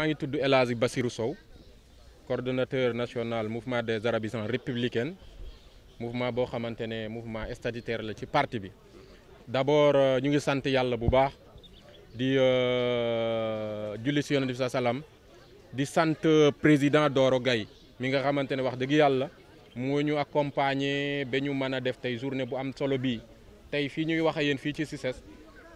maa ngi tudd El Hadji Bassirou Sow coordonnateur national mouvement des arabisants républicains mouvement boo xamante ne mouvement statutaire la ci parti bi d'abord euh, ñu ngi sant yàlla bu baax di euh, julli si yonent bi salaam di sant euh, président Doro gay mi nga xamante ne wax dëgg yàlla moo ñu accompagner ba ñu mën a def tey journée bu am solo bii tey fii ñuy wax ak fii ci CICES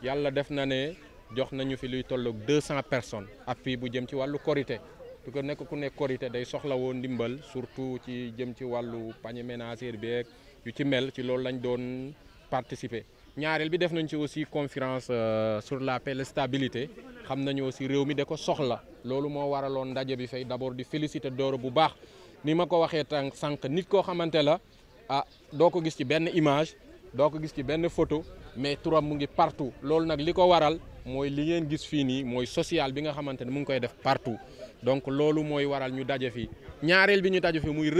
yàlla def na ne. jox nañu fi luy tolloog deux cent personnes appui bu jëm ci wàllu korité du ko nekk ku nekk korité day soxla woo ndimbal surtout ci jëm ci wàllu panier ménagère bi ak yu ci mel ci loolu lañ doon participer ñaareel bi def nañ ci aussi conférence euh, sur la paix stabilité xam nañu aussi réew mi da ko soxla loolu moo waraloon ndaje bi fay d'abord di féliciter Doro bu baax ni ma ko waxee tànk sànq nit koo xamante la ah doo ko gis ci benn image doo ko gis ci benn photo mais turam mu ngi partout loolu nag li ko waral mooy li ngeen gis fii nii mooy social bi nga xamante ne mu ngi koy def partout donc loolu mooy waral ñu daje fi ñaareel bi ñu daje fi muy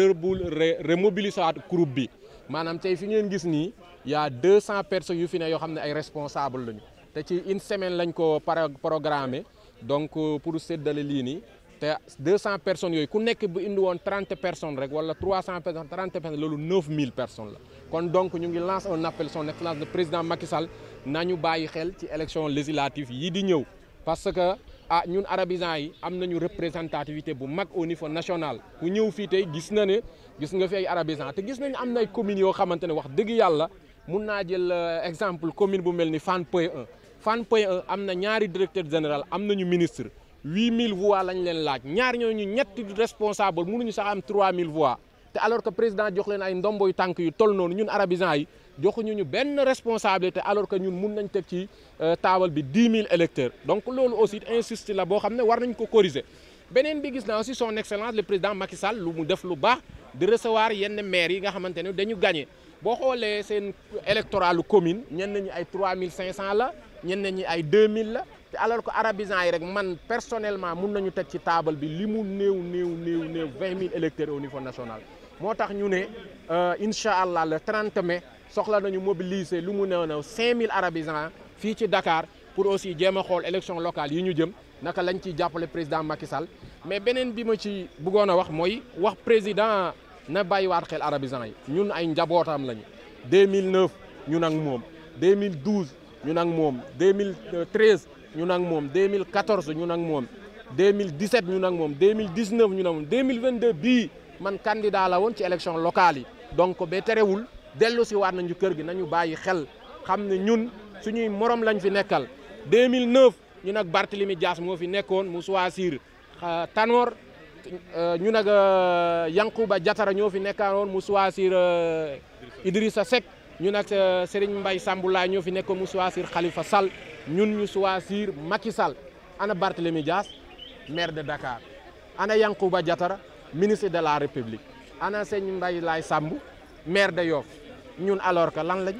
remobiliser groupe bi maanaam tey fi ngeen gis nii y a 200 personnes yu fi ne yoo xam ne ay responsable lañu te ci une semaine lañ ko programmé donc euh, pour séddale lii nii te 200 personnes yooyu ku nekk bu indi woon 30 personnes rek wala 300 personnes 30 personnes loolu 9000 personnes la kon donc ñu ngi lance un appel son excellence le président Macky Sall nañu bàyyi xel ci élection législative yi di ñëw parce que ah ñun arabisants yi am nañu représentativité bu mag au niveau national ku ñëw fii tey gis na ne gis nga fi ay te gis nañu am na ay communes yoo xamante ne wax dëgg yàlla mun naa jël euh, exemple commune bu mel ni Fann Point am na ñaari directeur général am nañu ministre huit mille voix lañ leen laaj ñaar ñooñu ñetti responsable mënuñu sax am trois mille voix te alors que président jox leen ay ndombo yu tànk yu toll noonu ñun arabisants yi joxuñu ñu benn responsabilité alors que ñun mun nañ teg ci euh, taabal bi dix mille électeurs donc loolu aussi insisti la boo xam ne war nañ ko corriger beneen bi gis na aussi son excellence le président Macky Sall lu mu def lu baax di recevoir yenn maires yi nga xamante ne dañu gagné boo xoolee seen électoralu commune ñenn ñi ay trois mille cinq cent la ñenn ay deux mille te alal ko arabisant yi rek man personnellement mun nañu teg ci taabal bi li mu néew néew néew néew vingt mille électeurs au niveau national moo tax ñu ne euh, incha allah le trente mais soxla nañu mobiliser lu mu néew néew cinq mille arabisant fii ci Dakar pour aussi jéem a xool élection locale yi ñu jëm naka lañ ciy jàppale président Macky Sall mais beneen bi ma ci bëggoon a wax mooy wax président na bàyyiwaat xel arabisant yi ñun ay njabootam lañu 2009 ñun ak moom 2012 ñun ak moom 2013 ñu nag moom 2014 ñun ak moom 2017 ñun ak moom 2019 ñun ak moom 2022 bii man candidat la woon ci élection locale yi donc ba terewul dellu si waat ñu kër gi nañu bàyyi xel xam ne ñun suñuy morom lañ fi nekkal 2009 ñun ak Barthélemy Dias moo fi nekkoon mu choisir euh, Tanor euh, ñun ak euh, Yankuba Diatara ñoo fi nekkoon mu choisir Idrissa Seck ñun ak Serigne Mbaye Samboulaye ñoo fi nekkoon mu choisir Khalifa sal ñun ñu choisir Macky Sall ana Barthélémy Dias maire de Dakar ana Yankouba Diatara ministre de la République ana Serigne mbay Laye Samb maire de Yoff ñun alors que lan lañ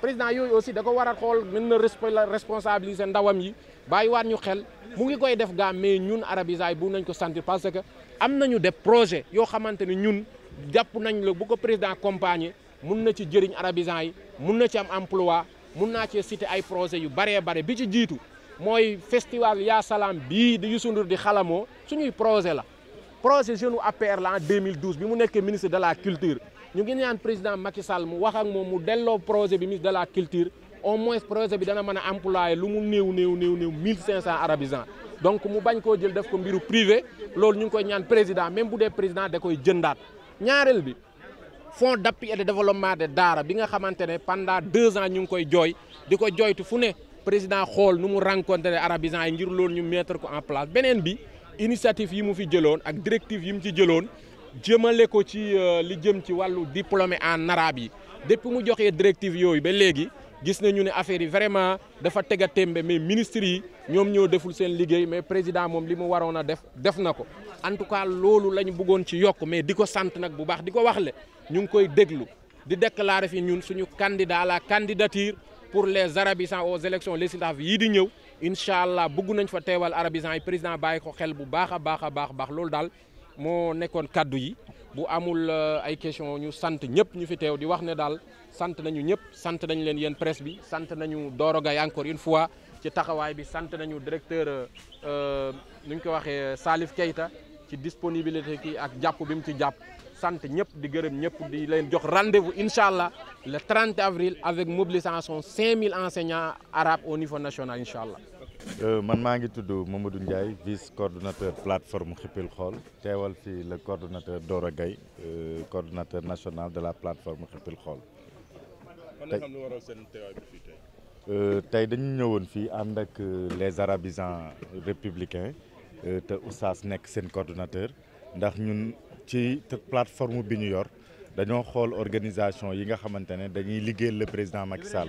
président yooyu aussi da ko war a xool mën na responsabiliser ndawam yi bàyyiwaat ñu xel mu ngi koy def gaa mais ñun arabisaay bu nañ ko sentir parce que am nañu def projet yoo xamante ne ñun jàpp nañ la bu ko président accompagner mun na ci jëriñ arabisan yi mun na ci am emploi mun naa cee citer ay projets yu baree bare bi ci jiitu mooy festival yaa salaam bii di Youssou Ndour di xalamoo suñuy projet la projet jeune u APR la en 2012 bi mu nekkee ministre de la culture ñu ngi ñaan président Macky Sall mu wax ak moom mu delloo projet bi ministre de la culture au moins projet bi dana mën a employé lu mu new néew néew néew 1500 arabisans donc mu bañ koo jël def ko mbiru privé loolu ñu ngi koy ñaan président même bu dee président da koy jëndaat ñaareel bi fonds d'appui et de développement de daara bi nga xamante ne pendant deux ans ñu ngi koy jooy di ko jooytu fu ne président xool nu mu rencontré arabisants yi ngir loolu ñu mettre ko en place beneen bi initiative yi mu fi jëloon ak directive yi mu ci jëloon jëmale ko ci euh, li jëm ci wàllu diplômé en arabe yi depuis mu joxee directive yooyu ba léegi gis nañu ne affaire yi vraiment dafa teg tembe mais ministres yi ñoom ñoo deful seen liggéey mais président moom li mu waroon a def def na ko en tout cas loolu la ñu bëggoon ci yokk mais di ko sant nag bu baax di ko wax le ñu ngi koy déglu di déclarer fi ñun suñu candidat à la candidature pour les arabisans aux élections législatives yii di ñëw incha allah bëgg nañ fa teewal arabisans yi président bàyyi ko xel bu baax a baax a baax loolu daal moo nekkoon kaddu yi bu amul euh, ay question ñu sant ñëpp ñu fi teew di wax ne daal sant nañu ñëpp sant nañ leen yéen press bi sant nañu Doro Gaye encore une fois ci taxawaay bi sant nañu directeur euh, nu ñu ko waxee Salif Keita ci disponibilité ki ak jàpp bi mu ci jàpp sant ñëpp di gërëm ñëpp di leen jox rendez-vous incha le 30 avril avec mobilisation 5000 enseignants arabes au niveau national incha allah. Euh, man maa ngi tudd Mamadou Ndiaye vice coordonnateur plateforme Xippil Xool teewal fii le coordonnateur Dora Gaye euh, coordonnateur national de la plateforme Xippil Xool. tey euh, tey dañu ñëwoon fii ànd ak les arabisans républicains te Oustaz nekk seen coordinateur ndax ñun. ci plateforme bi ñu yor dañoo xool organisation yi nga xamante ne dañuy liggéeyal le président Macky Sall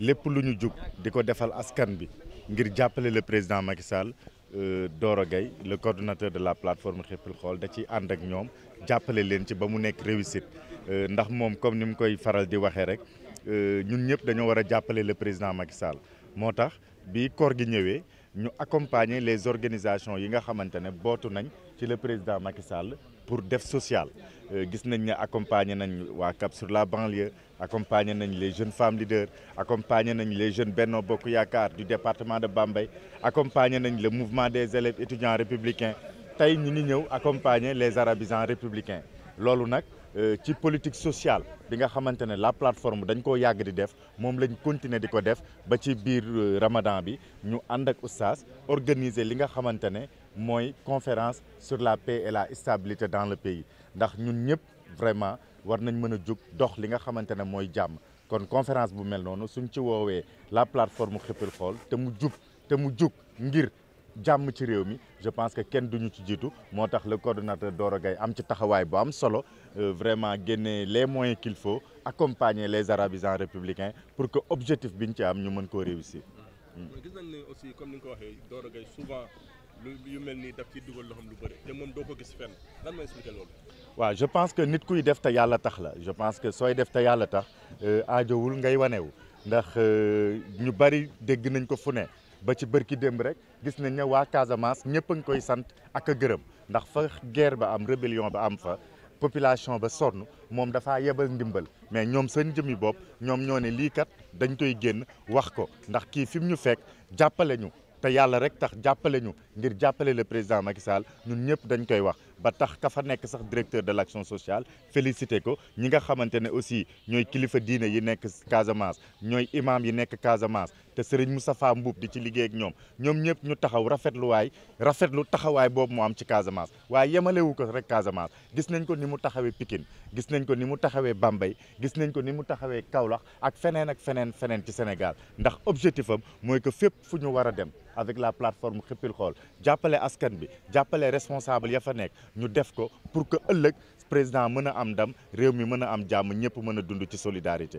lépp lu ñu jug di ko defal askan bi ngir jàppale le président Macky Sall euh, Doro Gaye le coordonnateur de la plateforme Xeppil Xool da ciy ànd ak ñoom jàppale leen ci ba mu nekk réussite euh, ndax moom comme ni mu koy faral di waxee rek euh, ñun ñëpp dañoo war a jàppale le président Macky Sall moo tax bi koor gi ñëwee ñu accompagner les organisations yi nga xamante ne bootu nañ ci le président Macky Sall pour def social euh, gis nañ ne accompagner nañ waa Cap la banlieue accompagner nañ les jeunes femmes leaders accompagner nañ les jeunes Benno Bokk Yaakaar du département de bambay accompagner nañ le mouvement des élèves étudiants républicains tey ñi ngi ñëw accompagner les arabisans républicains loolu nag Euh, ci politique sociale bi nga xamante ne la plateforme dañ ko yàgg di def moom lañ continuer di ko def ba ci biir euh, Ramadan bi ñu ànd ak oustaz organiser li nga xamante ne mooy conférence sur la paix et la stabilité dans le pays ndax ñun ñëpp vraiment war nañ mën a jug dox li nga xamante ne mooy jàmm kon conférence bu mel noonu suñ ci woowee la plateforme Xëppil Xool te mu jub te mu jug ngir jàmm ci réew mi je pense que kenn du ñu ci jiitu moo tax le coordonnateur Doro gay am ci taxawaay bu am solo euh, vraiment génne les moyens qu'il faut accompagner les arabisans républicains pour que objectif bi ñu ci am ñu mën koo réussir. Hmm. aussi comme ni ko waxee Doro Gaye souvent lu yu mel nii dugal loo xam lu bëri doo ko gis fenn lan mooy waaw je pense que nit kuy def te yàlla tax la je pense que sooy def te yàlla tax euh, aajowul ngay wanewu ndax euh, ñu bari dégg nañ ko fu ne. ba ci bërki démb rek gis nañ ne waa Casamance ñëpp a ngi koy sant ak a gërëm ndax fa guerre ba am rébellion ba am fa population ba sonn moom dafaa yebal ndimbal mais ñoom seen jëmmi bopp ñoom ñoo ne lii kat dañ koy génn wax ko ndax kii fim ñu fekk jàppale ñu te yàlla rek tax jàppale ñu ngir jàppale le président Macky Sall ñun ñëpp dañ koy wax ba tax ka fa nekk sax directeur de l'action sociale félicité ko ñi nga xamante ne aussi ñooy kilifa diine yi nekk Casamance ñooy imaam yi nekk Casamance te Serigne Moustapha Mboup di ci liggéey ak ñoom ñoom ñëpp ñu taxaw rafetluwaay rafetlu taxawaay boobu mu am ci Casamance waaye yemalewu ko rek Casamance gis nañ ko ni mu taxawee Pikine gis nañ ko ni mu taxawee bambay gis nañ ko ni mu taxawee Kaolack ak feneen ak feneen feneen ci Sénégal ndax objectif am mooy que fépp fu ñu war a dem avec la plateforme Xippil Xool jàppale askan bi jàppale responsable ya fa nekk ñu def ko pour que ëllëg président mën a am dam réew mi mën a am jàmm ñëpp mën a dund ci solidarité